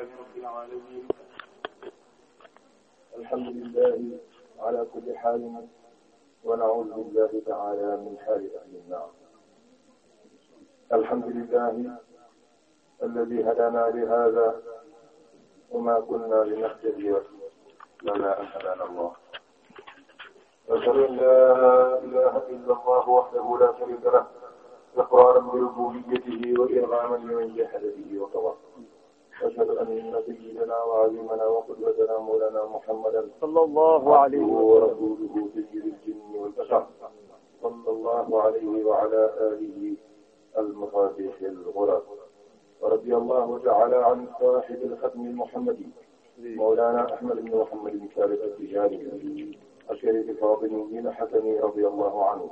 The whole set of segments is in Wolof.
لله رب العالمين الحمد لله على كل حال ونعوذ بالله تعالى من حال أهل النار الحمد لله الذي هدانا لهذا وما كنا لنهتدي لولا أن هدانا الله أشهد أن لا إله إلا الله وحده لا شريك له إقرارا بربوبيته وإرغاما لمن جحد به وتوكل واشهد ان نبينا وعليمنا وقدوتنا مولانا محمدا صلى الله عليه ورسوله سيد الجن والبشر صلى الله عليه وعلى اله المفاتيح الغرر ورضي الله تعالى عن صاحب الختم المحمدي مولانا احمد بن محمد بن ثابت التجاري الشريف فاطمي بن حسني رضي الله عنه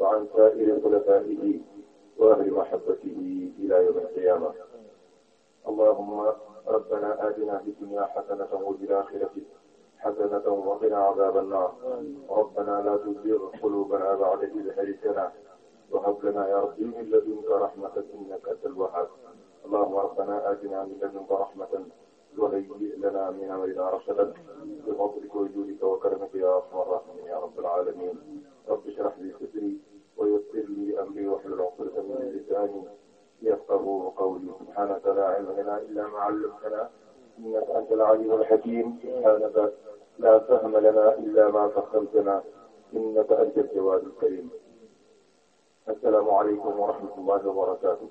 وعن سائر خلفائه واهل محبته الى يوم القيامه allahumma rabbana atina fi dunya hasanatan wa fil akhirati hasanatan wa qina adhaban nar rabbana la tuzigh qulubana ba'da idh hadaytana wa hab lana ya rabbi min ladunka rahmatan innaka antal wahhab allahumma rabbana atina min ladunka rahmatan وهيئ لنا من امرنا رشدا بفضلك وجودك وكرمك يا ارحم الراحمين يا رب العالمين علم لنا إلا ما علمتنا إنك أنت العليم الحكيم سبحانك لا فهم لنا إلا ما فهمتنا إنك أنت الجواد الكريم السلام عليكم ورحمة الله وبركاته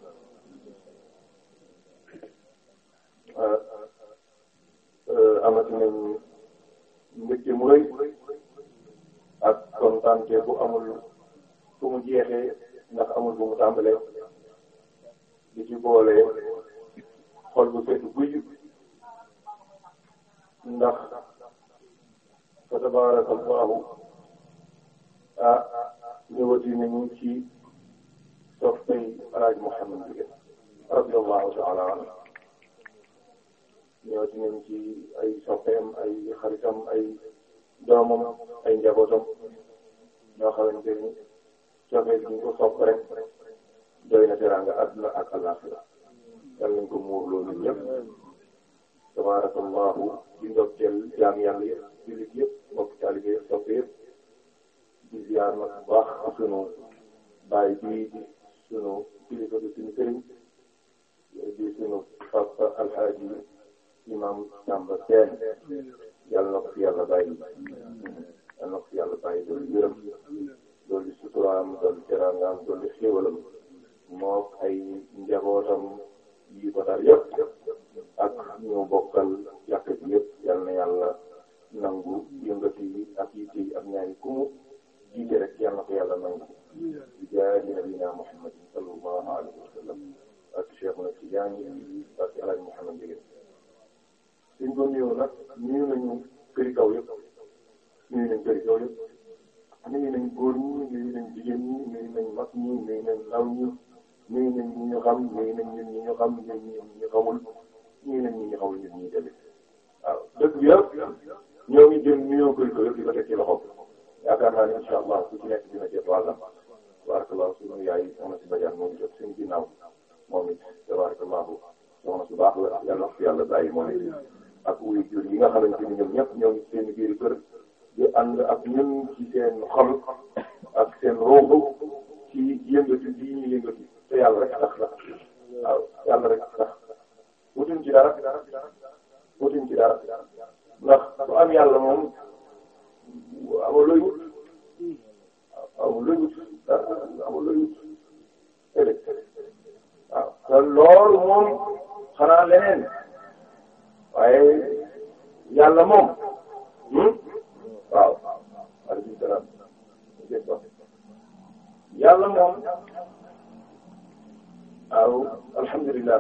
amati nañ mbégte mu rëy ak kontaante bu amul fu mu jeexee ndax amul bu mu tàmbalee di ci boole xol bu sedd guy ndax fa tabaraka allahu ah ñëwati nañu ci soppay alaaj Muhammad bi radiallahu taala anhu ñëwati nañu ci ay soppeem ay xaritam ay doomam ay njabootam ñoo xamante ni soppee duñ ko sopp rek doy na teraanga ak àllaaxira yal nañ ko muur loolu ñëpp tabarakallahu di ndokkeel jaam yàlla yëpp jullit yëpp mbokk taalibe yëpp di sunu papa alxaaji imam Samba Seen yàlla na fi yàlla bàyyi yàlla na loolu suturaam loolu teraangaam loolu xéwalam mook ay njabootam yi ko dal ak ñoo bokkal jafe ji yal na yàlla nangu yëngati yi ak yitte yi ak ñaari kumu jiite rek yal na ko yàlla nangu di jaari nabina muhammadin sallallahu alayhi wa sallam ak cheikh na tijaani ak alaj muhammad jigéen suñ ko néew nag nuyu nañu këri kaw yëpp nuyu nañ këri kaw yëpp nuyu góor ñi nuyu nañ jigéen ñi nuyu nañ mag ñi nuyu nañ ndaw ñi ñii nañ ñi ñu xam ñii nañ ñun ñi ñu xam ñii ñun ñu xamul ñii nañ ñi ñu xamul ñun ñii tamit waaw dëkk bi yëpp ñoo ngi jël nuyoo kër ga yëpp di ko teg ci loxo yaakaar naa ne incha allah ku ci nekk dina jot wàllam tabarakallah suñu yaay soxna si Badiane moo ngi jot suñu ginnaaw moom it tabarakallah soxna su baax la yàlla na ko yàlla bàyyi moo nekk ak wuyu jur yi nga xamante ni ñoom ñëpp ñoo ngi seen biir kër di ànd ak ñun ci seen xol ak seen roobu ci yëngatu bii ñu yëngatu te yàlla rek tax nag waaw yàlla rek tax wutuñ ci dara wutuñ ci dara ndax bu am yàlla moom amul looy wut amul looy wut amul looy wut waaw te loolu moom xanaa leneen waaye yàlla moom hmm? waaw. alhamdulilah. yàlla moom. waaw alhamdulilah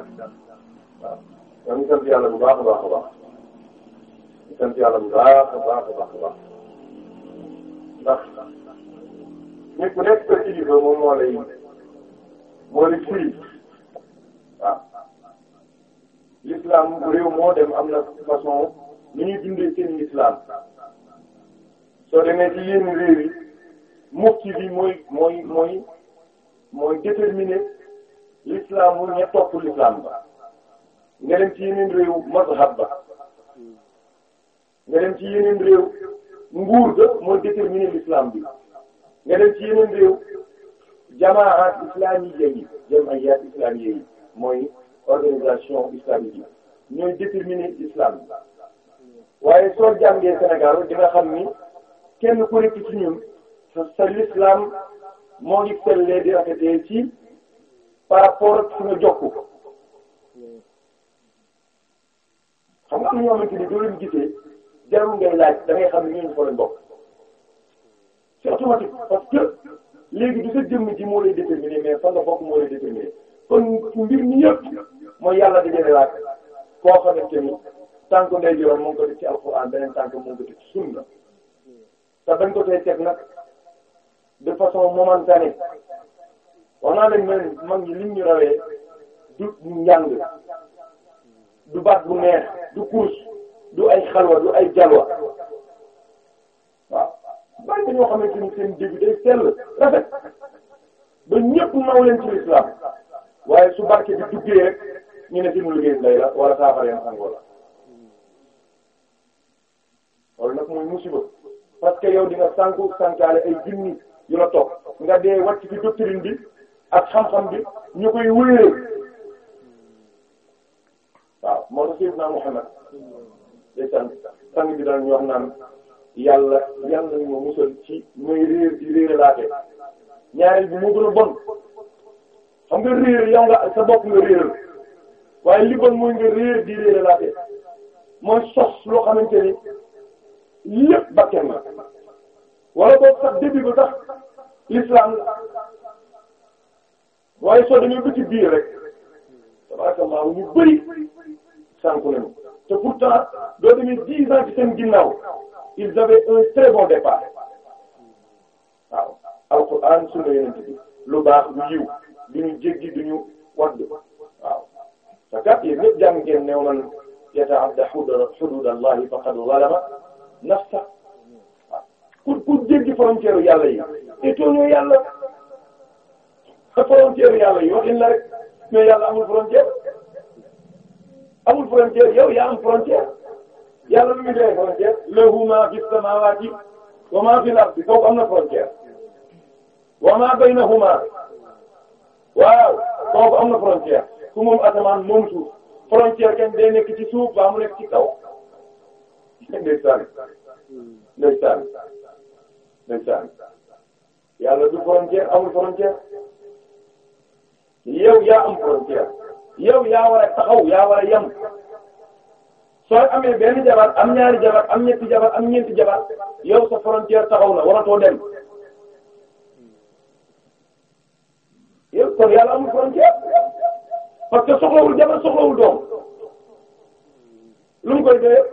waaw ñoo ngi sant yàlla bu baax a baax a baax ñu sant yàlla bu baax a baax a baax a baax ndax nit ku nekk kër kilifa moom moo lay moo lay firi waaw l'islam réew moo dem am na façon ni ñuy dundee seen islam soo demee ci yenn réew yi mufti bi mooy mooy mooy mooy déterminer l'islam mu topp l'islam ba nga dem ci yeneen réew mazhab ba nga dem ci yeneen réew nguur ga mooy déterminer l'islam bi nga dem ci yeneen réew jamaat islamiyya yi yi mooy organisation islamique yi ñooy déterminer l'islam bi waaye soo jàngee Sénégal di xam ni kenn ku nekk ci ñun sa sa l'islam moo ngi sellee di rafetee ci par rapport ak suñu jokku xam nga am na ñoo xamante ni doo leen gisee jarul ngay laaj da ngay xam ne ñooñu fa lañ bokk c'est automatique parce que léegi du sa jëmm ji moo lay déterminer mais fa nga bokk moo lay déterminer kon mbir mi yëpp mooy yàlla da jëlee laaj koo xamante ni tànk ndey jorom moo ngi ko def ci alxuraan beneen tànk moo ngi ko def ci sunna te bañ ko tey teg nag de façon momentanée wax naa leen man mag ñi liñ ñu rawee du njàng du baat bu neex du course du ay xalwa du ay jalwa waaw bari na ñoo xamante ni seen début day sell ba ñépp naw leen ci lislaam waaye su barke bi duggee rek ne si mu liggéey lay la wala saafara yam sangoo la loolu nag mooy musiba parce que yow di nga sànku sànkaale ay junni yu la toog nga dee wàcc ci doctrine ak xam-xam bi ñu koy wéyee waaw moo tax Seydina Muhammad day sang bi daan ñu wax naan yàlla yàlla ñu musal ci mooy réer di réeralaate ñaareel bi moo gën a bon xam nga réer yow nga sa bopp nga réeral waaye li bon mooy nga réer di réeralaate mooy sos loo xamante ni lépp bakken la wala boog sax début ba tax l'islam la waaye soo demee ba ci biir rek tabarakallah ñu bëri sànku nañu te pourtant doo demee dix ans ci seen ginnaaw ils avaient un très bon départ waaw alquran sunna yonent bi lu baax lu yiw du ñu jéggi du ñu wadd waaw te kat yéen ñëpp jàng ngeen ne man yata'adda hudud allahi faqad zalama nafsa waaw pour pour jéggi frontière yàlla yi te yàlla te frontière yàlla yootin la rek mais yàlla amul frontière amul frontière yow yaa am frontière yàlla lu muy dee frontière lahu ma fi samawati wa ma fi al-ardi kooku am na frontière wa ma baynahuma waaw kooku am na frontière ku moom moom suuf frontière kenn day nekk ci suuf ba mu nekk ci kaw ndeysaan ndeysaan ndeysaan yàlla du frontière amul frontière yow yaa am frontière yow yaa war a taxaw yaa war a yem soo amee benn jabar am ñaari jabar am ñetti jabar am ñeenti jabar yow sa frontière taxaw na waratoo dem yow kon yàlla amul frontière parce que soxlawul jabar soxlawul doom lu mu koy dee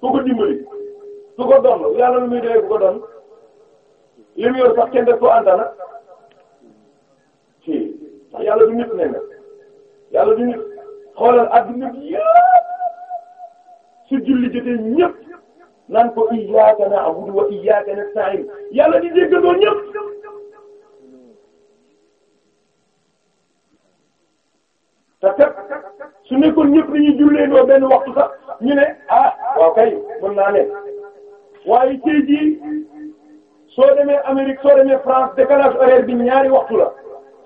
ku ko dimbali ku ko doon yàlla lu muy dee ku ko doon mu yor sax kenn def ko antana yàlla du nit nee na yàlla du nit xoolal adduna bi yëpp su julli jotee ñëpp naan ko iyyaaka na'budu wa iyyaaka nasta'iin yàlla di jéggandoo ñëpp te su nekkoon ñëpp dañuy jullee doo benn waxtu sax ñu ne ah waaw kay mën naa ne waaye tey jii soo demee Amérique soo demee France décalage horaire bi ñaari waxtu la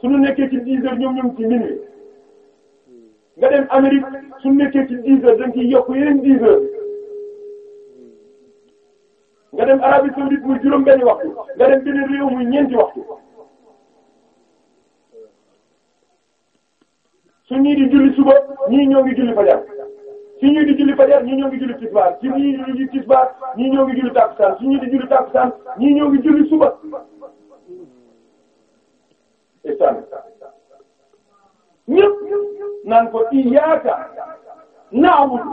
suñu nekkee ci dix heures ñoom ñu ngi ci minuit nga dem Amérique suñu nekkee ci dix heures dañ ciy yokk yeneen dix heures nga dem Arabie saoudite muy juróom benni waxtu nga dem beneen réew muy ñeenti waxtu su ñii di julli suba ñii ñoo ngi julli fajar su ñii di julli fajar ñii ñoo ngi julli tisbaar su ñii di julli tisbaar ñii ñoo ngi julli takkusaan su ñii di julli takkusaan ñii ñoo ngi julli suba isaan ñëpp naan ko iyyaaka na'budu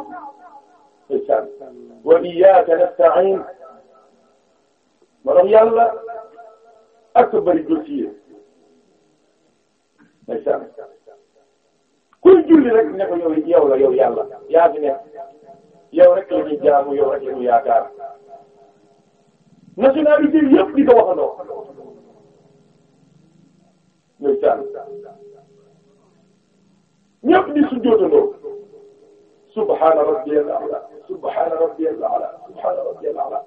isaan wa iyyaaka nasta'iin maanaam yàlla ak bari dossier isaan kuy julli rek ne ko yow yow la yow yàlla yaa fi nekk yow rek la ñuy jaamu yow rek la ñuy yaakaar nationalité yëpp di ko waxandoo. ñooy caabi ñépp di sujjóotandoo subhaana rabbiyal a'la subhaana rabbiyal a'la subhaana rabbiyal a'la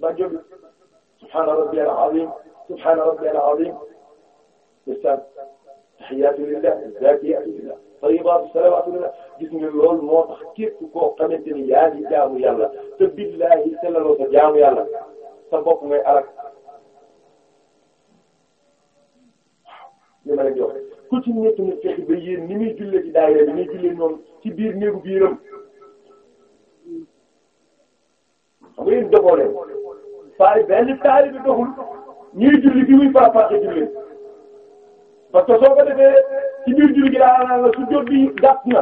ba jóg subhaana rabbiyal azim subhaana rabbiyal azim istaan tahiyaatu lillah zaakiyaatu lillah tayyibaatu salawaatu lillah gis nga loolu moo tax képp koo xamante ni yaa ngi jaamu yàlla te billaahi te laloo sa jaamu yàlla sa bopp ngay alak li ma leen jox ku ci nekk na fexe ba yéen ni muy jullee ci daayira bi ni jullee ñoom ci biir néegu biiram xam nga yéen doxoo leen faay benn taali bi doxul ñuy julli fi muy faram-fàccee julli parce que soo ko defee ci biir julli gi daa naan la su jot bi gàtt na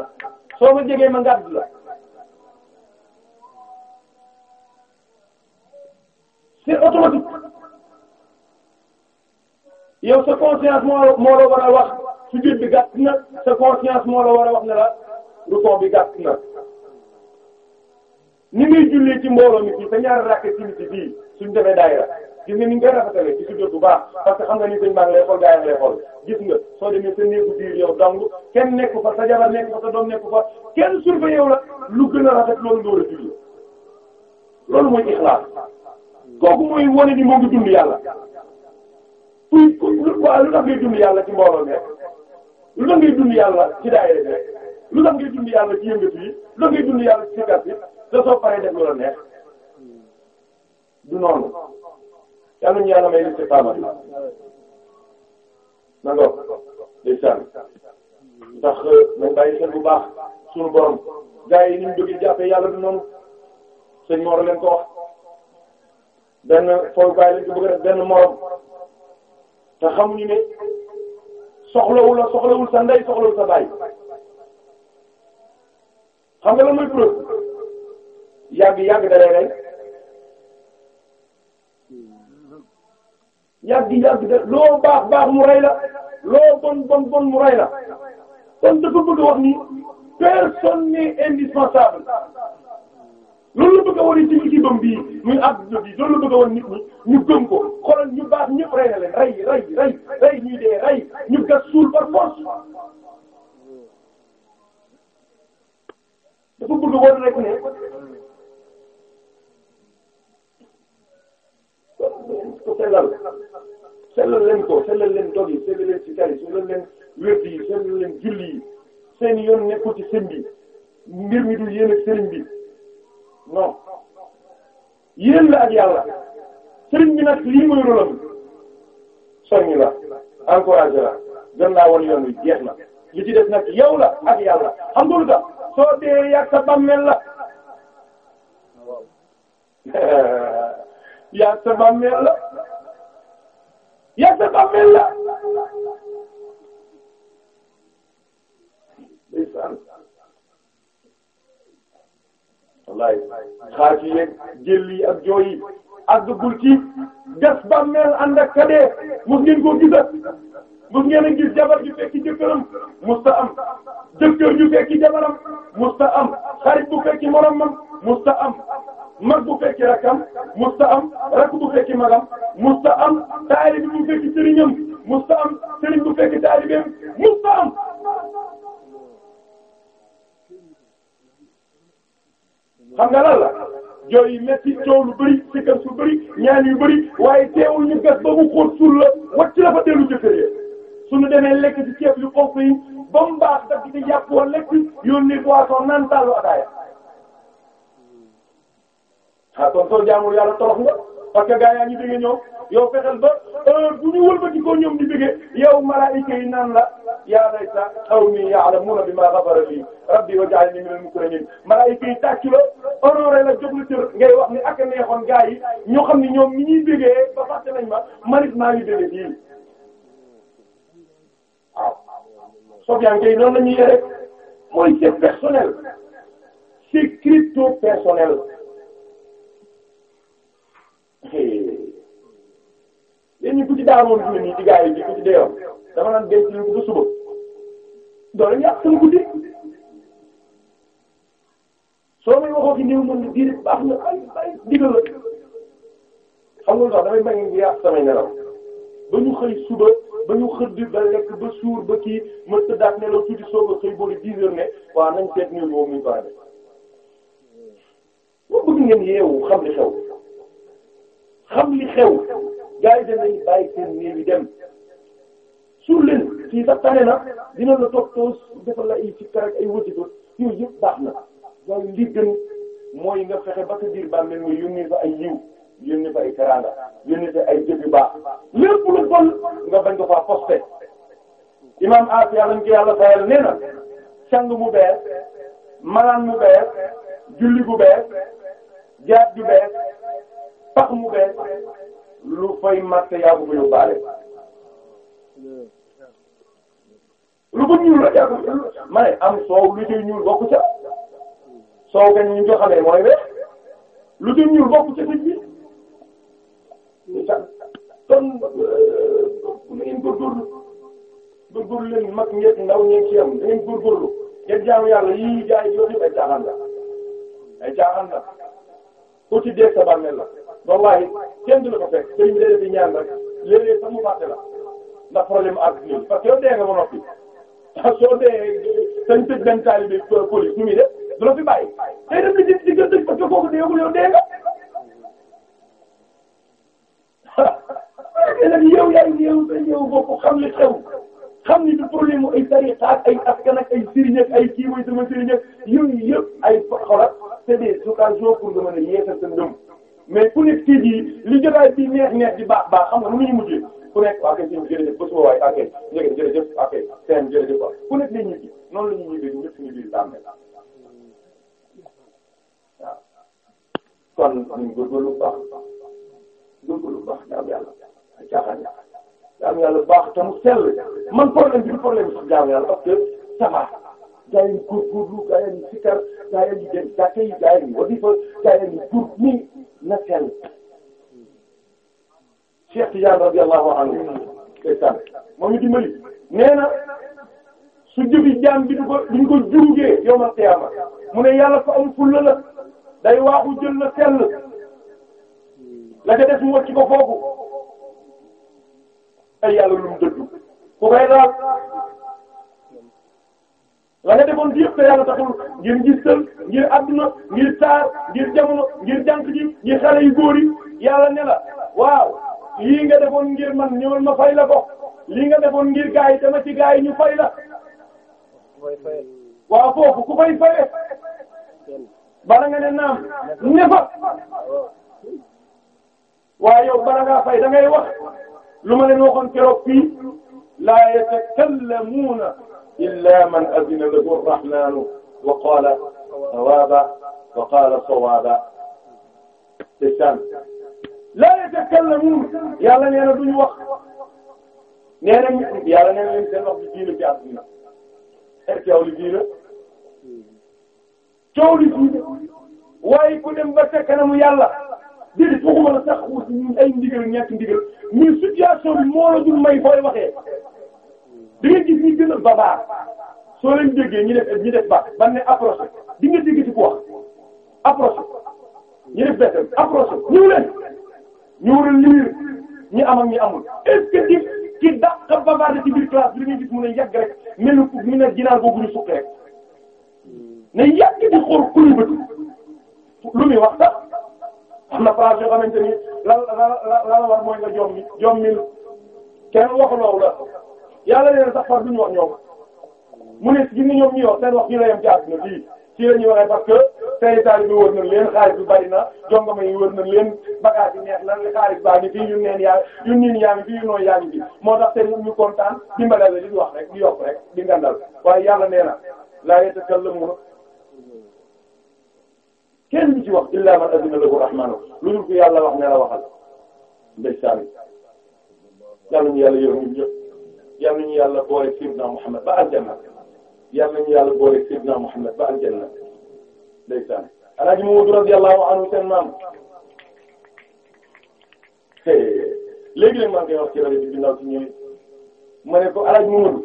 soo ko ma gàtt yow sa conscience moo moo war a wax sujud bi gàtt na sa conscience moo la war a wax ne la ruko bi gàtt na ni ngay julli ci mbooloo mi fii sa ñaari rakk ci bii su defee daayira gis nga ni ñu koy rafetale ci sujud bu baax parce que xam nga ni sëñ baa ngi lay xool gis nga soo demee sa néegu biir yow dong kenn nekku fa sa jabar nekku fa sa doom nekku fa kenn surfe yow la lu gën a rafet loolu nga war a julli loolu mooy ixlaas kooku mooy wane ni moo ngi yàlla kuy waaw lu tax ngay dund yàlla ci mbooloo mi rek lu tax ngay dund yàlla ci daayira bi rek lu tax ngay dund yàlla ci yëngatu yi lu tax ngay dund la du noonu yàlla ñu yàlla may istiqaama nangoo ndeysaan ndax euh, nañ bàyyi xel bu baax suñu borom gaa ni ñu bëgg jàppee yàlla du noonu sëñ Mor leen ko wax benn foofu gaa yi lañ ko te xamuñu ne soxlawul la soxlawul sa ndey soxlawul sa baay xam nga lan mooy preuve yàgg yàgg da lay rey yàgg yàgg da loo bon bon bon mu rey la kon ni personne n'est loolu la bëgg a wane ci ci bëm bii muy àdduna bi loolu la bëgg a wan nit ñi ñu gëm ko xoolal ñu baax ñëpp rey na leen rey rey rey rey ñuy dee rey ñu gas suul par force. dafa bëgg woon rek ne sellal sellal leen ko sellal leen dog yi sellal leen si kari sellal leen wérdi yi sellal leen julli yi seen yoon nekkul ci sëñ bi mbir mi dul yéen ak sëriñ bi. non l la ak yàlla sëriñ bi nag lii mooy rôlam soññ la encouragé la gën laa wan yoon wi jeex na li ci des nag yow la ak yàlla xam nga lu tax soo dee yàgg sa bàmmeel la yàgg sa bàmmeel la yàgg sa bàmmeel la wallaay xaaj yi jël yi ak jooy yi àggagul ci gas bàmmeel ànd ak kadee mos ngeen koo gisat mos ngeen a gis jabar ju fekki jëkkëram musta am jëkkër ju fekki jabaram musta am xarit bu fekki moromam musta am mag bu fekki rakkam musta am rakk bu fekki magam musta nga lan la jooy yu métti coow lu bëri sikkar su bëri ñaan yu bëri waaye teewul ñu gas ba mu xóot suul la wàcc la fa dellu jëkkër suñu demee lekk ci ceeb yu xonq yi ba mu baax daf di yàpp wa lekk yónni boisson naan tàllu ataaya ah kon soo jaamul yàlla torox nga parce que gaa yaa ñu dégg ñoom. yow fexeel ba heure bu ñu wëlbati ko ñoom di bëggee yow malaayika yi naan la ya layta qawmi ya'lamuuna bimaa ghafara lii rabbi waj'alnii minal mukramiin malaayika yi tàcc la honoré la jóg la cër ngay wax ni ak a neexoon gaa yi ñoo xam ne ñoom ni ñuy bëggee ba fàtte nañ ma man it maa ngi bëggee fii waaw. Sofiane Gueye noonu la ñuy yore mooy c'est personnel c'est crypto personnel. yéen ñi ku ci daawoon fi mu nii ci gars ku ci deewoon dama naan denc suba doole yàq sama guddi soo may waxoo fi néew mën na diir baax na ay la xam nga lu tax damay bañ a yàq samay nelaw ba ñu xëy suba ba ñu xëdd ba lekk ba suur ba kii ma tëddaat nelaw tuuti soog a xëy boole 10 ne waaw nañ seet néew moom muy baax boo bëgg ngeen yeewu xam li xew xam li xew. gars yi danañ bàyyi seen néew yi dem suul leen kii sax tane na dina la toog toos defal la ay sikkar ak ay wëtitu yooyu yëpp baax na waaye li gën mooy nga fexe ba sa biir bàmmeel nga yónnee fa ay yiw yónnee fa ay teraanga yónnee fa ay jëf yu baax lépp lu bon nga bañ ko faa posté imam Asi yàlla nga yàlla fayal nee na sang mu bees malaan mu bees julli bu bees jaat ju bees pax mu bees lu fay marché yaa ko fa yóbbaale lu ko ñuul la yaa ko am soow lu ci ñuul bokku ca soow kañ ñu ko xamee mooy weex lu ci ñuul bokku ca tëj bi kon euh, ngeen góorgóorlu góorgóorlu leen mag ñeeg ndaw ñeeg ci am ngeen góorgóorlu ngeen jaamu yàlla yii jaay joxe ay caaxaan la ay caaxaan la ku ci dee sa bàmmeel la wallahi kenn du la ko fekk sëriñ bi di ñaan rek léeg-léeg sax mu fàtte la ndax problème mu parce que yow dee nga ba noppi soo dee sañ tëj benn taalibe police ñu muy def du la fi bàyyi day dem di di gën tëj parce que kooku deewul yow dee nga. te nag yow yaa ngi yow sa yow bopp xam li xew xam ni du problème mu ay tariqa ak ay askan ak ay sëriñ ak ay kii mooy sama sëriñ ak yooyu yëpp ay xolat c'est des occasions pour nga mën a yeesal sa ndëm. mais ku nekk kii bii li jotaay bi neex neex di baax baax xam nga mënuñu mujjee ku nekk waa kay sëñ bi jërëjëf ba suba waay ak kay njëkk jërëjëf ak kay sëñ jërëjëf waaw ku nekk day ñibbi noonu la ñuy ñibbee ñëpp ñu biir tàmmee waaw kon ñu góorgóorlu baax góorgóorlu baax jaam yàlla caaxaan jaam yàlla man problème bi problème bi sax jaam yàlla parce que ça va gaa yi góorgóorlu gaa yi sikar gaa yi dem jàkka yi gaa yi wadifa na sell Cheikh Tidiane radiyallahu anhu ndeysaan moom ñu dimbali nee na su jëfi jaam bi du ko duñ ko jurugee yawmal qiyaama mu ne yàlla ko am fulla la day waaxu jël sell la ca des mu wacc ko foofu ay lu mu dëddu ku koy raat la nga defoon ci yëpp te yàlla taxul ngir ngir adduna ngir taar ngir jamono ngir jànk ji ngir xale yu góor yi yàlla ne la waaw lii nga ngir man ñëwal ma fay la ko lii nga defoon ngir gaa yi dama ci gaa yi ñu fay ku fay faye bala nga ne ne fa waaye yow bala fay da ngay wax lu ma leen waxoon keroog fii la yatakallamuuna illaa man azina lahu arrahmaanu wa qaala sawaaba wa qaala sawaaba saan laa yatakallamuun yàlla nee na duñu wax nee nañ yàlla nee na leen seen wax bi diina ci àdduna coow li diina coow li diina waaye ku dem ba sa kanamu yàlla déedéet waxuma la sax ay ndigal ñàkk ndigal mais situation bi moo la dul may booy waxee da nga gis ñi gën a babaar soo leen déggee ñu def ñu def ba ban ne approché di nga dégg ci ku wax approché ñu def bésam approché ñëw leen ñu war a liir ñi am amul est-ce que babaar ci biir classe bi da gis mun a yàgg rek mel ni ku ne ginaar boobu ñu sukk rek ne yàgg di xool kuñu bët lu muy wax sax am na phrase yoo xamante ni la la la la war mooy nga joom mi joom mi kenn waxu loolu la. yàlla sa sax far duñu wax ñoom mu ne gis nga ñu yor seen wax ñu la yem ci àdduna bii ci la ñuy waxee parce que saytaal bi wër nañ leen xaalis bi bari na jongama yi wër nañ leen bagage yi neex na xaalis baa ngi fii yu neen yaa yu niin yaa ngi fii yu nooy yaa ngi moo tax seen ñu kontaan dimbalal la di wax rek di yokk rek di ngandal waaye yàlla nee na laa yatakallamuuna kenn du ci wax illaa man azina lahu rahmaanu lu dul ko yàlla wax ne la waxal ndeysaan yal nañu yàlla boole Seydina Muhammad ba aljanna yal nañu yàlla boole Seydina Muhammad ba aljanna ndeysaan Alaaji Mamadu radiyallahu anhu seen maam léegi nag maa ngi koy wax ci rajo bi ndaw si ñoom ma ne ko Alaaji Mamadu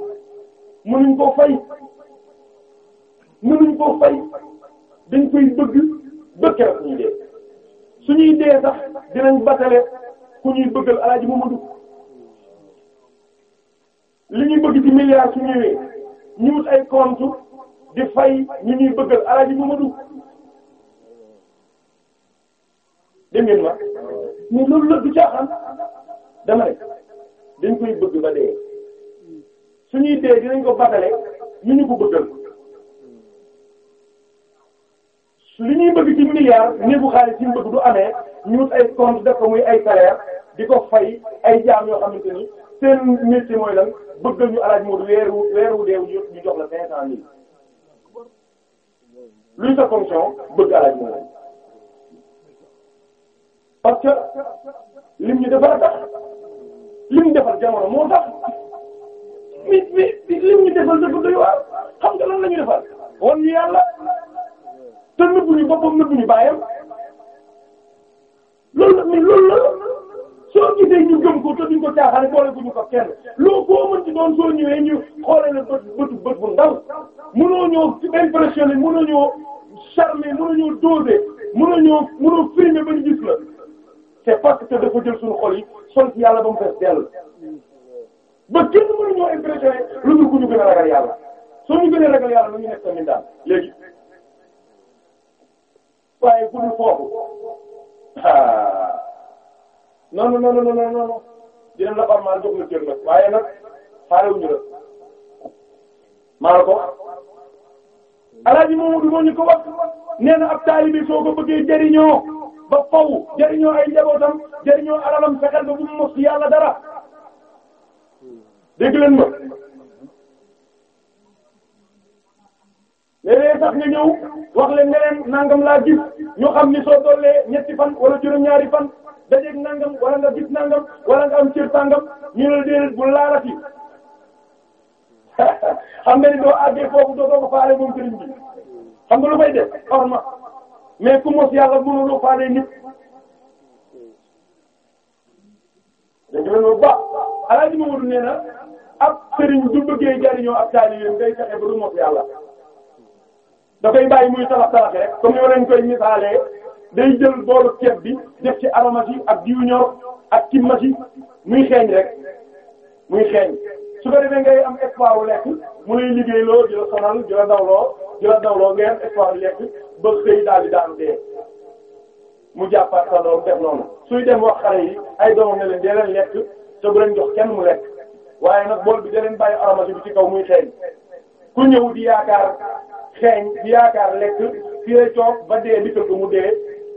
mënuñ koo fay mënuñ koo fay dañ koy bëgg bëgg rek ñuy dee suñuy dee sax dinañ batale ku ñuy bëggal Alaaji Mamadu li ñuy bëgg ci milliards su ñëwee ñu wut ay compte di fay ñu ñuy bëggal alaaji Mamadou dégg ngeen ma mais loolu la du caaxaan dama rek dañ koy bëgg ba dee suñuy dee dinañ ko batale ñu ñu ko bëggal li ñuy bëgg ci milliard néegu xaalis ci ñu bëgg du amee ñu ay compte def muy ay salaire di ko fay ay jaam yoo xamante ni seen métier mooy lan bëggal ñu alaaj Modou weeru weeru deew ñu jox la cinq cent mille luy sa fonction bëgg alaaj Modou parce que lim ñu defal tax lim defal jamono moo tax mi mi lim ñu defal dafa doy waar xam nga lan la ñu defal wan ñu yàlla te nëbbu ñu boppam nëbbu ñu bàyyam loolu la mais loolu la. lool gisee ñu gëm ko te duñ ko caaxaane boole bu ñu ko kenn loo boo mën ci doon soo ñëwee ñu xoolee la bët bët bu ndaw mënoo ñoo impressionné mënoo ñoo charmer mënoo ñoo doser mënoo ñoo mënoo filmer ba ñu gis la c'est parce que dafa jël suñu xol yi sol ci yàlla ba mu fees dell ba kenn mënu ñoo impressionné lu dul ku ñu gën a ragal yàlla soo ñu gën a ragal yàlla lu ñu nekk tamit daal léegi waaye ku ñu foofu ah. non non non non non dinañ la formal jox la jël nag waaye nag xaarewuñu la maa la ko alaaji moomu du moo ñu ko wax nee na ab soo ko bëggee jariñoo ba faw jariñoo ay njabootam jariñoo alalam fexeel ba bu mu mos yàlla dara dégg leen léeg-léeg sax nga ñëw wax leen leneen nangam laa gis ñu xam ni soo tollee ñetti fan wala juróom-ñaari fan dajeeg nangam wala nga gis nangam wala nga am cër sangam ñu la déedéet bu laalati xam nga ni doo àggee foofu doo ko faale moom sëriñ bi xam nga lu fay def orma mais ku mos yàlla mënuloo faale nit. dañu leen wax ba alaaji Mamadou nee na ab sëriñ du bëggee jariñoo ab taalibe day fexe ba du mos yàlla. da koy bàyyi muy salaf salafe rek comme ni ma leen koy misaalee day jël boolu ceeb bi def ci aromati ak diw ñor ak kimmati muy xeeñ rek muy xeeñ su ko defee ngay am espoir lekk mu lay liggéeyloo di la sonal di la dawloo di la dawloo ngay am mu jàppaat sa doom def noonu suy dem wax xale yi ay doomam mu lekk waaye nag bool bi da leen bàyyi aromati bi ci kaw muy xeeñ ku ñëw di yaakaar. xeeñ di yaakaar lekk fi ba dee di tëdd mu dee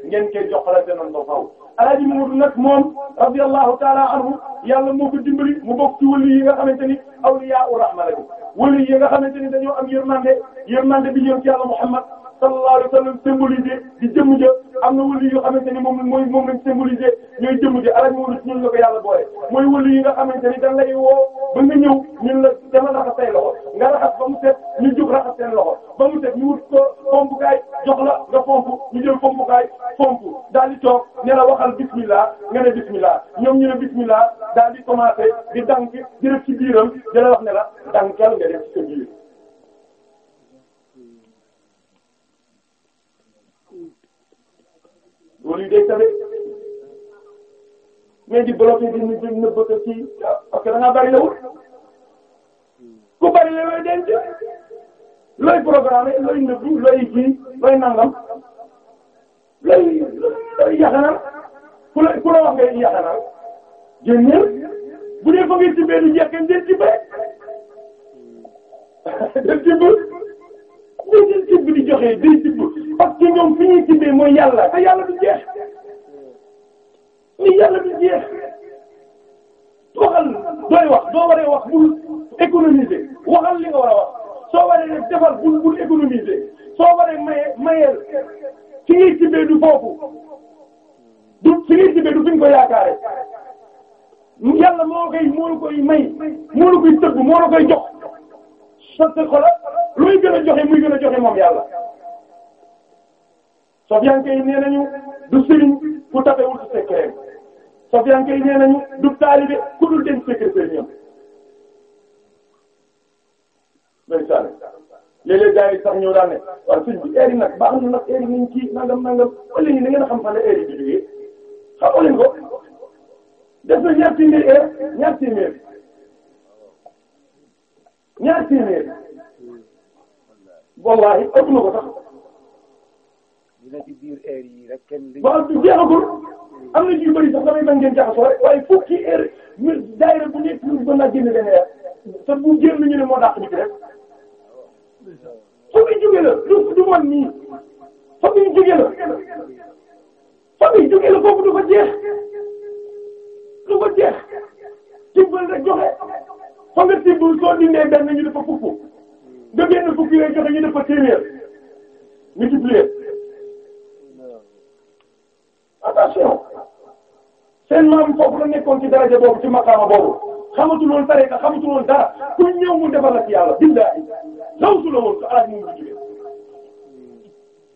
ngeen koy joxalante noonu ba faaw. alaaji Mamadou nag moom radiyallahu taala anhu yàlla moo ko dimbali mu bokk ci wali yi nga xamante ni awliyaa u rahma la wali yi nga xamante ni dañoo am yërmande yërmande bi ñëw ci yàlla Muhammad sallallahu alayhi wa sallam symbolisé di jëmm ja am na wëli yoo xamante ni moom mooy moom lañ symbolisé ñooy jëmm ja alal moom ñun la ko yàlla boole mooy wëli yi nga xamante ni dañ lay woo ba nga ñëw ñun la dama raxas say loxo nga raxas ba mu set ñu jóg raxas seen loxo ba mu set ñu wut ko fompukaay jox la nga fomp ñu jël fompukaay fomp daal di toog a la waxal bismillah nga ne bismillah ñoom ñu ne bismillah daal i commencé di dank di def ci biiram di la wax ne la dankal loolu yi day tabe mais di bloqué di ñu jëm nëbb ko ci parce que da ngaa bari la wut ku bari la looy denc looy programme looy nëbb looy ji looy nangam looy looy yaxanal ku la ku la wax ngay yaxanal génneel bu dee fa ngay tibbee du njëkk ngeen jël tibbee jël tibbee. ñuy jël cib bi di joxe day cib parce que ñoom fi ñuy cibbee mooy yàlla te yàlla du jeex ni yàlla du jeex waxal dooy wax doo waree wax bul économiser waxal li nga wax soo waree defar bul bul économiser soo waree maye mayeel fi ngay cibbee du du fi ngay cibbee du fi nga ko yaakaare moo koy moo koy may moo la koy tëgg moo koy jox. sotti ko la luy gën a joxe muy gën a joxe moom yàlla. Sofiane kay nee nañu du sëriñ ku tafewul du secret Sofiane kay nee nañu du taalibe ku dul denc secret sëriñam. ndeysaan léeg-léeg gars yi sax ñëw daan ne waaw suñ bi heure nag baax na nag heure nañ ci nangam nangam wala ñu da ngeen a xam fan la heure yi di jógee xamoo ñaar téeméer boobu waaye ëpp na ko sax. dina ci biir am na yu bëri sax damay bañ ngeen jaxasoo rek waaye fukki heure ñu daayira bu nekk ñu mën naa génne benn heure moo dàq ñu ci rek fukki jóge la du du mën nii fukki jóge la fukki jóge la kooku du ko jeex du ko jeex dimbal joxe. xam nga tibb soo dindee benn ñu dafa fukk nga génn fukk yooyu joxe ñu dafa téeméer multiplier attention seen maam foofu la nekkoon ci daraja boobu ci maqaama boobu xamatu loon tariqa xamatu loon dara ku ñëw mu defal ak yàlla billahi law su la ko alaaj moom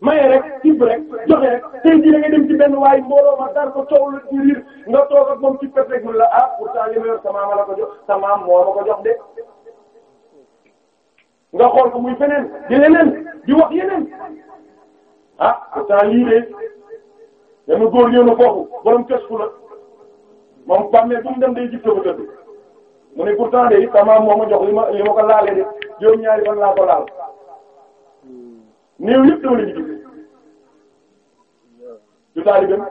maye rek cib joxe rek tey jii da ci benn waaye mbooloo ma dar ko coow nga toog ak moom ci perte rek la ah pourtant li ma yor sama ma la ko jox sama ma jox de. nga xool ko muy feneen di di wax yeneen ah pourtant lii de dama góor ñëw na foofu borom këstu la moom PAM ne bu mu dem day gis ko tëdd mu ne pourtant de sama moo ma jox li ma li ma ko laalee de laa ko laal. néew yëpp dama leen di dimbali du taalibeem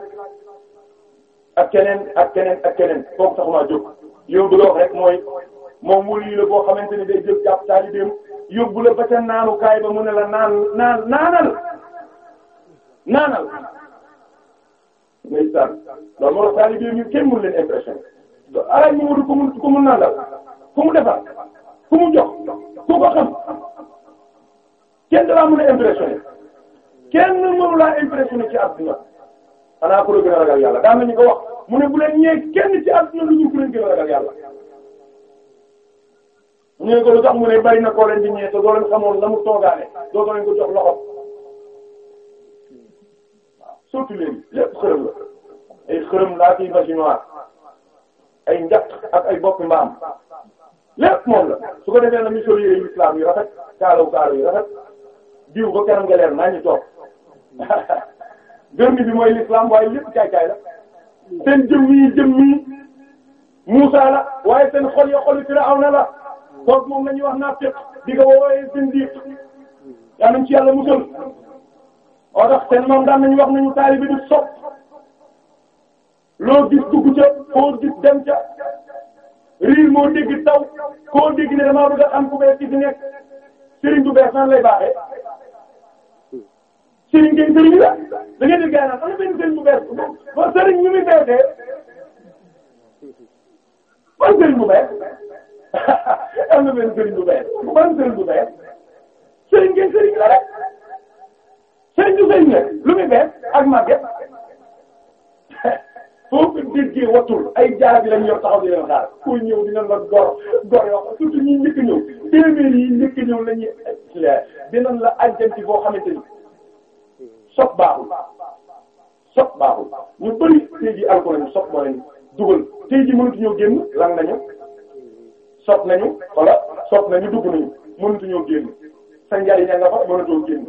ak keneen ak keneen ak keneen kooku sax maa jóg yow du la wax rek mooy moom wóolu yi la boo xamante ne day jël jàpp taalibeem yóbbu la ba ca naanu kaay ba mu ne la naan naan naanal naanal ngay sànn loolu moo tax taalibeem yi kenn mënu leen impression alaaj mu wóorul ku mu ku mu nandal ku mu defar ku mu jox ku ko xam. kenn dalaa mën a impressionné kenn mënu laa impressionné ci àdduna xanaa ku la gën a ragal yàlla ni ko wax mu ne bu leen kenn ci àdduna lu ñu ku leen gën a ragal yàlla ñu ne ko lu tax mu ne bari na koo leen di ñëwee te doo leen xamoon la mu toogaale doo doo leen ko jox loxo waaw surtout léegi lépp xërëm la ay xërëm laa ciy vachinoir ay njaq ak ay boppi mbaam lépp moom la su ko defee na mission yooyu islam yu rafet kaalaw kaalaw yu rafet diw ba kanam nga naa ñu toog gërëm bi mooy l'islam waaye lépp caay caay seen jëm yi jëm la waaye seen xol ya xolu Firawna la kooku moom la wax naaf di ko woowee seen diir yaa ci yàlla musal moo tax seen moom daan nañu wax nañu taalibe du sopp loo ca koo gis dem ca riir moo dégg taw koo dégg ne damaa bëgg a ku bees ci fi nekk sëriñ bees nan lay baaxee sëriñ kay sëriñ la da ngay dégg gànnaaw sax benn sëriñ bu bees ba sëriñ ñu ban sëriñ bu bees am na benn sëriñ bu bees ban sëriñ bu bees sëriñ kay sëriñ la rek sëriñ la lu muy bees ak màgget foofu déggee watul ay jaar bi lañ yor di leen xaar ku ñëw dina la gor gor yoo xam surtout ñi njëkk ñëw téeméer yi njëkk ñëw lañuy dinañ la ajjanti boo xamante sopp baaxul sopp baaxul ñu bëri tey jii alcool yi sopp moo leen dugal tey jii mënatuñoo génn lan nañu sopp nañu wala sopp nañu dugg nañu mënatuñoo génn sa njariñ nga fa mënatoo génn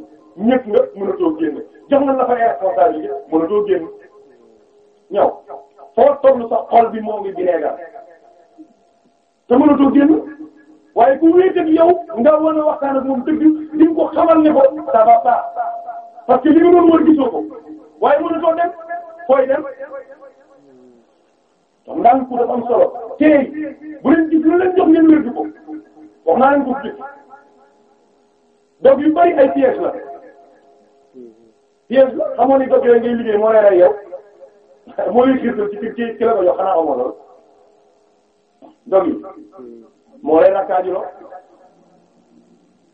ñëpp nga mënatoo génn jox na la fa responsabilité mënatoo génn ñaw foo tollu sa xol bi moo ngi bineegal te mënatoo génn waaye ku wéeteeg yow nga war a waxtaan ak moom dëgg di nga ko xamal ne ko ça va pas. parce que li nga doon wër gisoo ko waaye mënatoo dem fooy dem donc daan ko def am solo tey bu leen gis lu leen jox ngeen wér di ko wax naa leen ko gis donc yu bari ay piège la piège la xamoon ni dog yooyu ngay liggéey moo lay rey yow moo lay xiirtal ci ci ci la ko jox xanaa amoo lool dog yi moo lay nakkaaju loo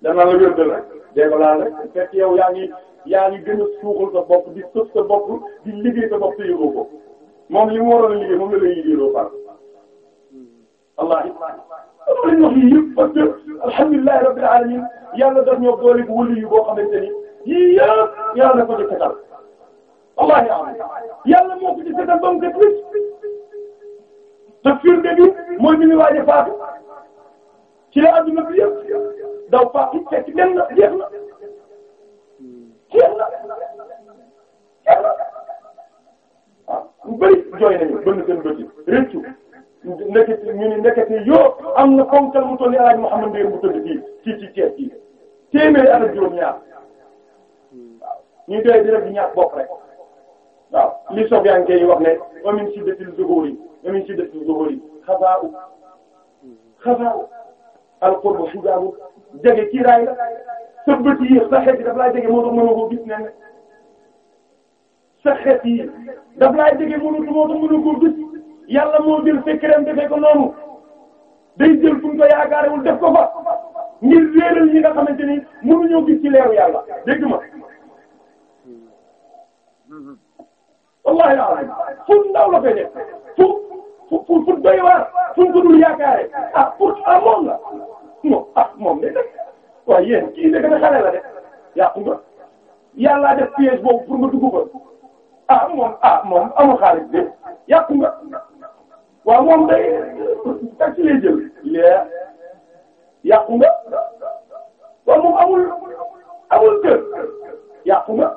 danaa la wér de la dee ko laal rek fekk yow yaa ngi yaa ngi gën a suuxal sa bopp di sëf sa bopp di liggéey sa bopp te yëgoo ko moom li mu waroon liggéey moom la lay liggéeyloo far wallaahi am lañ wax yii yëpp parce que alhamdulilahi rabbil alamin yàlla daf ñoo boole bu wëli yu boo xamante ni yii yëpp yàlla na ko ci setal wallaahi am yàlla moo ko ci setal ba mu ko plus te firnde bi mooy bi ñu waaje faatu ci la adduna bi yëpp daw faatu fekk dem na jeex na ñu bëri jooy nañu bënn seen bët yi rëccu nekkati ñu ne nekkati yoo am na ponkal mu toll nii El Hadj Mouhamed Mbir mu tëdd fii ci ci Thiès fii téeméeri at ak juróom-ñaar waaw ñu doy di rek di ñaar rek waaw li Sofiane Gueye wax ne amin si detil zuhuri amin si detil zuhuri xabaa'u xabaa'u al qurbu hijaabu jege kiiraay la sa bët yi sa xeet yi daf jege moo tax mënoo koo gis moo jël secret defee ko noonu day jël fu mu ko yaakaarewul def ko fa ngir réeral ñi nga xamante ni mënuñoo gis ci leeru yàlla dégg ma. wallahi alhamdulilah fu ndaw la fay fu fu fu doy waar fu ko dul yaakaare ah pour ah moom la non ah moom la. waaye yéen kii nag na xale la de yàqu nga yàllaa def piège boobu pour nga dugg ko ah moom ah moom amul xaalis de yàqu nga waaw moom day tax lay jël lee yàqu nga waaw moom amul amul kër yàqu nga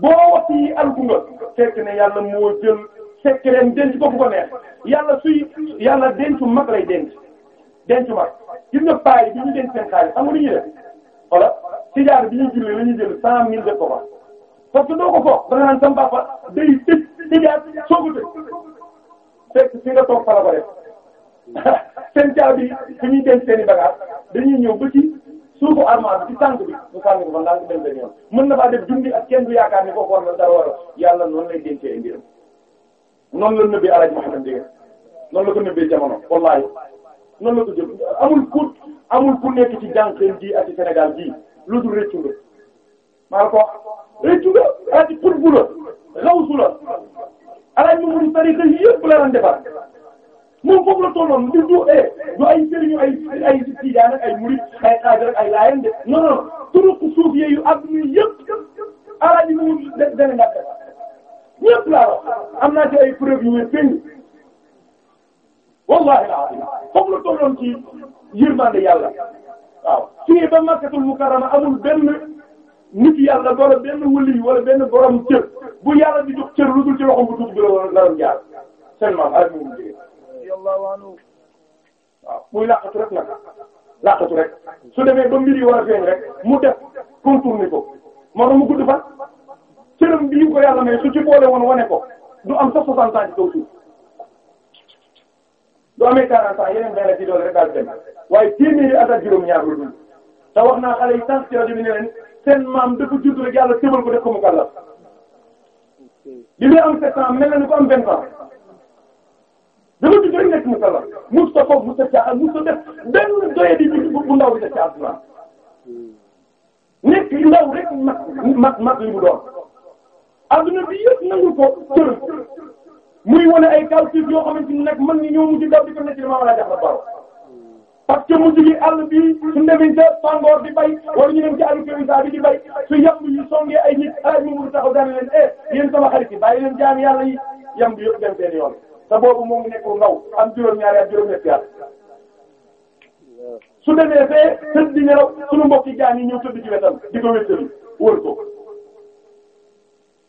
boo wax yi alku nga fekk ne yàlla moo jël fekk leen denc ko fu ko neex yàlla suy yàlla dencu mag lay denc dencu mag gis nga paay bi ñu denc seen xaalis amuñu ñu def xoolal tijaar bi ñuy julli la ñuy jël cent mille def ko fa parce que doo ko foog da nga naan sama papa day tëj tijaar soo ko tëj toog fa la ko def seen bi ñuy denc seen i bagages dañuy ñëw ba ci suufu armoire bi ci bi mu sànni ko fa ndax du dem benn yoon na faa def dundi kenn du yaakaar ni kooku war na dara war a yàlla noonu lay dencee mbiram noonu la nëbbee El Hadj Mouhamed Ndieguène noonu la ko nëbbee jamono wallaahi. nan la ko jël amul ku amul ku nekk ci jànqeen ji ak ci Sénégal bii lu dul rëccu nga maa ko rëccu nga ati pour bu la xawsu la alaaj ma munu tarixa yëpp la ran defar moom foofu la tolloon du du eh du ay sëriñu ay ay tijaan ak ay murid ay xaadir ak ay laayeen de non non turuq suuf yeeyu adduna yëpp alaaj ma munu dana nga defar ñëpp laa am na ci ay preuve yu wér pénn wallahi alazim foofu la tolloon ci yërmande yàlla waaw fii ba makkatul mukarrama amul benn nit yàlla wala benn wëli wala benn borom cër bu yàlla di jox cër lu dul ci loxom bu tuut bi la war a naroon jaar seen maam ak mu jógee rek nag laqatu rek su demee ba mbir yi war a feeñ rek mu def contourné ko moo tax mu gudd fan cëram bi ko yàlla may su ci boole woon wane ko du am sax soixante ans ci doo amee 40 ans yeneen rek daal dem waaye téeméeri at juróom-ñaar lu dul wax naa xale yi sànq ci rajo bi ne leen maam dafa judd rek yàlla tëbal ko def ko mu li muy am 7 ans mel na ni ko am 20 ans dafa judd rek nekk mu kàlla mu foofu mu sa caa mu sa di bu ndaw bi def ci àdduna nekk ndaw rek mat mat mat li mu doon adduna bi yëpp nangul ko muy wane ay calcul yoo xamante ni nag man ni ñoo mujj daw di ko nekk ci maam laa jaxla baro parce que gi àll bi suñ demee ca Pangor di bay wala ñu dem ci bi di bay su yamb yi songee ay nit alaaj mu mën taxaw xarit yi bàyyi leen jaam yàlla yi yamb yëpp dem seen yoon te boobu moo ngi nekkul ndaw am juróom-ñaari ak juróom-ñetti su demee fee tëdd di nelaw suñu mbokki jaam yi ñëw tëdd ci wetam di ko wéttali wër ko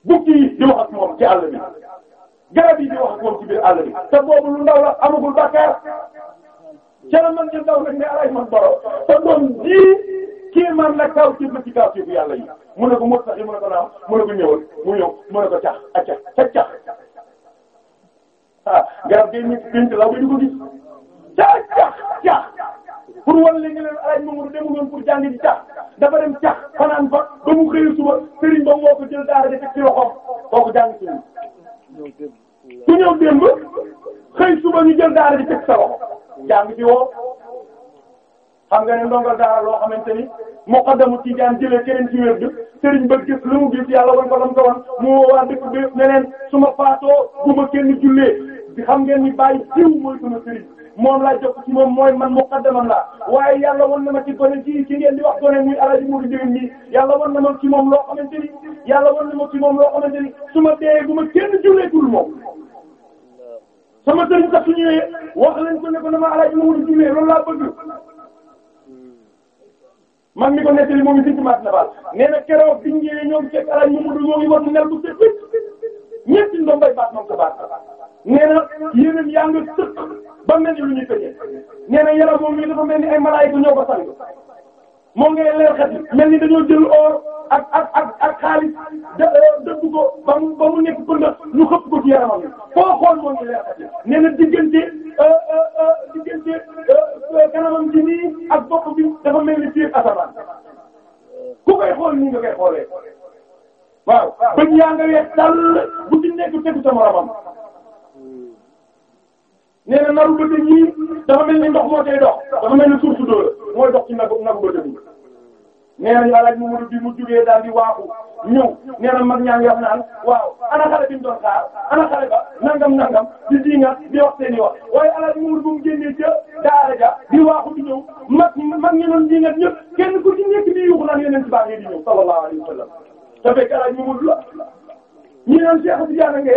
bukki yi di moom ci àll bi garab yi di wax moom ci biir àll bi te ndaw la amagul bakkaar jërë man ñu ndaw rek ne alay man boro te ji kii man la kaw ci ba ci kaw ci bu yàlla yi mu ne ko mot sax yi mu ne ko naam mu ne ko ñëwal mu ñëw cax a cax ca cax ah, garab gi nit bint la bu ñu ko gis cax cax cax pour wan léegi leen alay Mamadou demuloon pour jàng ji cax dafa dem cax fanaan ba mu xëy suba sëriñ ba moo ko jël daara def ci loxoom kooku jàng ci ku ñëw démb xëy suba ñu jël daara ji teg sa loxo jàng ci woo xam nga ne ndongal daara loo xamante ni muqaddamu Tijaan jëlee keneen ci wér gu sëriñ ba gis lu mu gis yàlla wan ko lam ko wan mu waa dëkk bi ne leen su ma faatoo bu ma di xam ngeen ni bàyyi jiw mooy sama sëriñ moom laa jokk ci moom mooy man muqaddamam la waaye yàlla won na ma ci gone ci ci ngeen di wax gone muy alaji muudi diwin mi yàlla won na ma ci moom loo xamante ni yàlla won na ma ci moom loo xamante ni su ma dee bu ma kenn julleetul moom sama sëriñ sax su ñëwee wax lañ ko ne ko dama alaji muudi jullee loolu laa bëgg man mi ko nettali moom it maat na baal nee na keroog biñ ñëwee ñoom fekk alaaj Mamadou moo ngi war nel bu set wécc ñetti ndombay baat moom sa baat nee na yéeneen yaa nga sëq ba mel ni lu ñuy fekkee nee yaram moom mi dafa mel ni ay malaayika ñoo ko sang moo ngi leer xat mel ni dañoo jël or ak ak ak ak xaalis euh, dëgg ko ba mu ba mu nekk pënda xëpp ko ci yaramam foo xool moo ngi leer xat nee diggante euh, euh, kanamam ci nii ak bopp bi dafa mel ni fii asamaan ku koy xool nii nga koy xoolee waaw bëñ yaa nga weex dal bu ci nekk tegu sa nee na naru bëte yii dafa mel ni ndox moo koy dox dafa mel ni suuf su dóor mooy dox ci nagu nagu bëte bi nee na ñu alaaj Mamadou bi mu jugee daal di waaxu ñëw nee na mag ñaa ngi wax naan waaw ana xale bi ñu doon xaar ana xale ba nangam nangam di diinga di wax seen i wax waaye alaaj Mamadou bu mu génnee ca daara ja di waaxu di ñëw mag mag ñu doon diinga ñëpp kenn ku ci nekk di yuuxu naan yeneen ci baax yi di ñëw sallallahu alayhi wa sallam te fekk alaaj Mamadou la ñi naan Cheikh Tidiane nga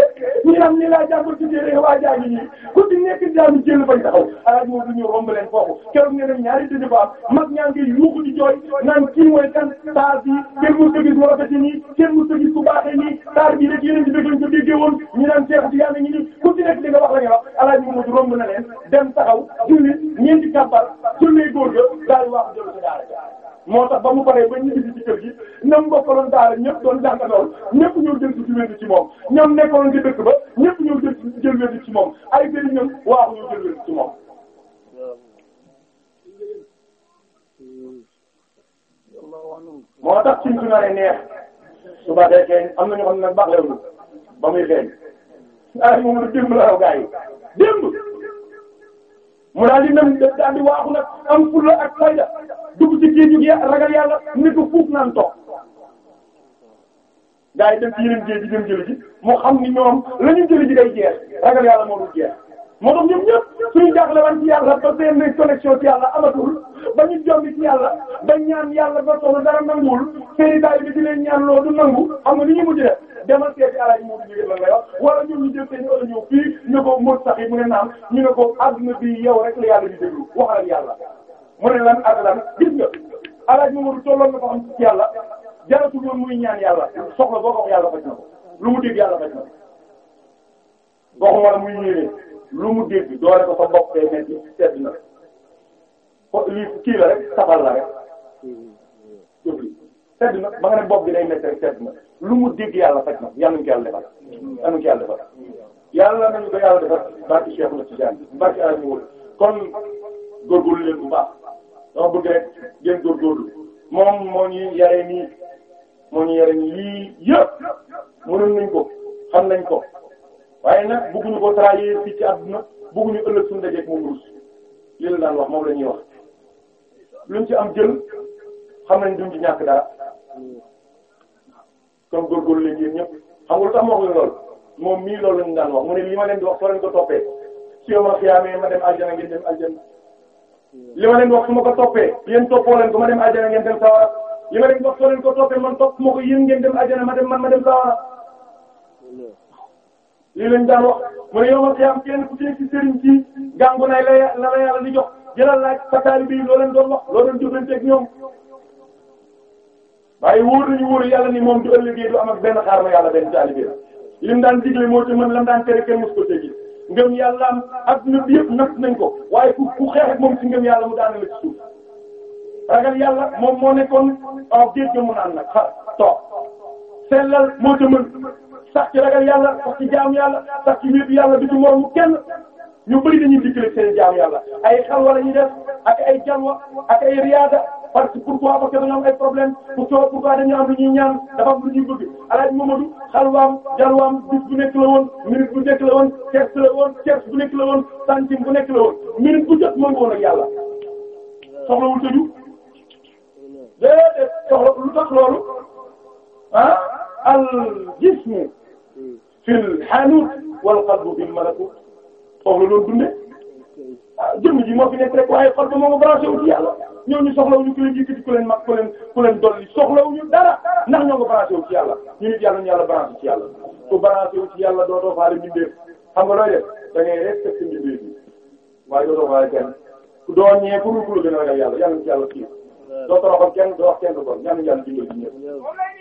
ñi naan ni laa jàppal ci téere waa jaaji ñi ku ci nekk jaamu jël bañ taxaw alaaj moo du ñu romb leen foofu keroog nga dem ñaari dëgg ba mag ñaa ngi yuuxu di jooy naan kii mooy kan taar bi kenn mu tëgis mu rafet nii kenn mu tëgis ku baaxee nii taar bi rek yeneen ci dëgg lañ ko déggee woon ñi naan Cheikh Tidiane ngi nii ku ci nekk di nga wax la nga wax alaaj moo du romb na leen dem taxaw julli ñeenti kàmbar jullee góor ga daal wax jël ci daara moo tax ba mu paree ba ñu indi ci kër gi ñoom bokkaloon daara ñëpp doon jàngandoon ñëpp ñëw jël si wér ci moom ñoom nekkoon ci dëkk ba ñëpp ñëw jël jël wér ci moom ay jëriñ ñoom waaw ñëw jël wér ci moom. moo tax ci ñu naree neex suba day feeñ am na ñoo xam ne nag baax ba muy feeñ ay moom la démb la raw gaa yi démb. mu daal di nem daal di waaxu nag am fulla ak fayda dugg ci géej gi ragal yàlla ni ko fuuf naan toog gaa yi dem ci yeneen géej ji mu xam ni ñoom lañuy ñu jëli ji day jeex ragal yàlla moo dul jeex moo tax ñun ñëpp suñu jaaxle woon ci yàlla ba seen connexion ci yàlla amatul ba ñu jombi ci yàlla ba ñaan yàlla ba soxla dara nanguwul seen taay bi di leen ñaan loolu du nangu xam nga ni ñu mujjee demal seeti alaaji moom jigéen lan lay wax wala ñun ñu jël seen i ñëw fii ñu ko mot sax yi mu ne naam ñu ne ko adduna bi yow rek la yàlla di déglu waxal yàlla mu ne lan ak lan gis nga alaaji moom tolloon na ko am ci yàlla jaratul woon muy ñaan yàlla soxla boo ko wax yàlla faj na ko lu mu dégg yàlla faj na ko waxuma la muy ñëwee. lu mu dégg doole ko fa bopp day metti sedd na ko lii kii la rek safal la rek jubli sedd na ba nga ne bopp bi day metti rek sedd na lu mu dégg yàlla faj na yàlla nañu ko yàlla defal yàlla nañu ko yàlla defal yàlla nañu ko yàlla defal barki Cheikh kon góorgóorlu leen bu baax dama bëgg rek ngeen góorgóorlu moom moo ñu yaree nii nañ ko xam nañ ko. waaye nag bëgguñu ko trahir fii ci àdduna bëgguñu ëllëg suñu dajeeg moom rus li la daan wax moom la ñuy wax luñ ci am jël xam nañ duñ ji ñàkk dara comme góorgóorlu leen yéen ñëpp xam nga lu tax la lool moom mii loolu lañu daan wax mu ne li leen di wax soo leen ko toppee si yow ma xiyaamee ma dem aljana ngeen dem aljana li ma wax ko toppee yéen toppoo leen ko ma dem aljana ngeen dem sawara li ma soo leen ko toppee man topp ma ko yéen ngeen dem aljana ma dem man ma dem sawara lii lañ daan wax mu ne yow ma xiyaam kenn ku ci sëriñ ci gàngu nay la la yàlla di jox jëlal laaj sa taalibe yi loo leen doon wax loo doon jëflanteeg ñoom waaye wóor nañu wóor yàlla ni moom du ëllëgee du am ak benn xaar yàlla benn taalibe lim daan digle moo ci mën lam daan tere kenn mos ko tegi ngëm yàlla am adduna bi yëpp natt nañ ko waaye ku ku xeex ak moom ci ngëm yàlla mu daan la ci suuf ragal yàlla moom moo nekkoon aw géej sax ci ragal yàlla sax ci jaamu yàlla sax ci wéetu yàlla du ci moroomu kenn ñu bëri dañuy dikkale seen jaamu yàlla ay xalwa la ñuy def ak ay jalwa ak ay riyaada parce que pourquoi parce que dañoo am ay problème pourquoi pourquoi dañu am lu ñuy ñaan dafa am ñuy bëgg alaaj Mamadou xalwaam jalwaam bis bu nekk la woon minute bu nekk la woon test la woon test bu nekk la woon centime bu nekk la woon minute bu jot moo ngi ak yàlla soxlawul tëju lu tax loolu ah al jismu fil hanut wal qalbu bil malakut soxla loolu dundee ah jëmm ji moo fi nekk rek waaye xol ba moo branché wu ci yàlla ñooñu soxlawuñu ku leen yëkkati ku leen mag ku leen ku leen dolli soxlawuñu dara ndax ñoo ko branché wu ci yàlla ñu nit yàlla ñu yàlla branché ci yàlla ku branché wu ci yàlla dootoo faale mbindeef xam nga bi waaye dootoo faale kenn ku doon ñee ku dul ku la gën a ragal yàlla yàlla ci yàlla kii doo toroxal kenn doo wax kenn du ko ñaan yàlla dimbali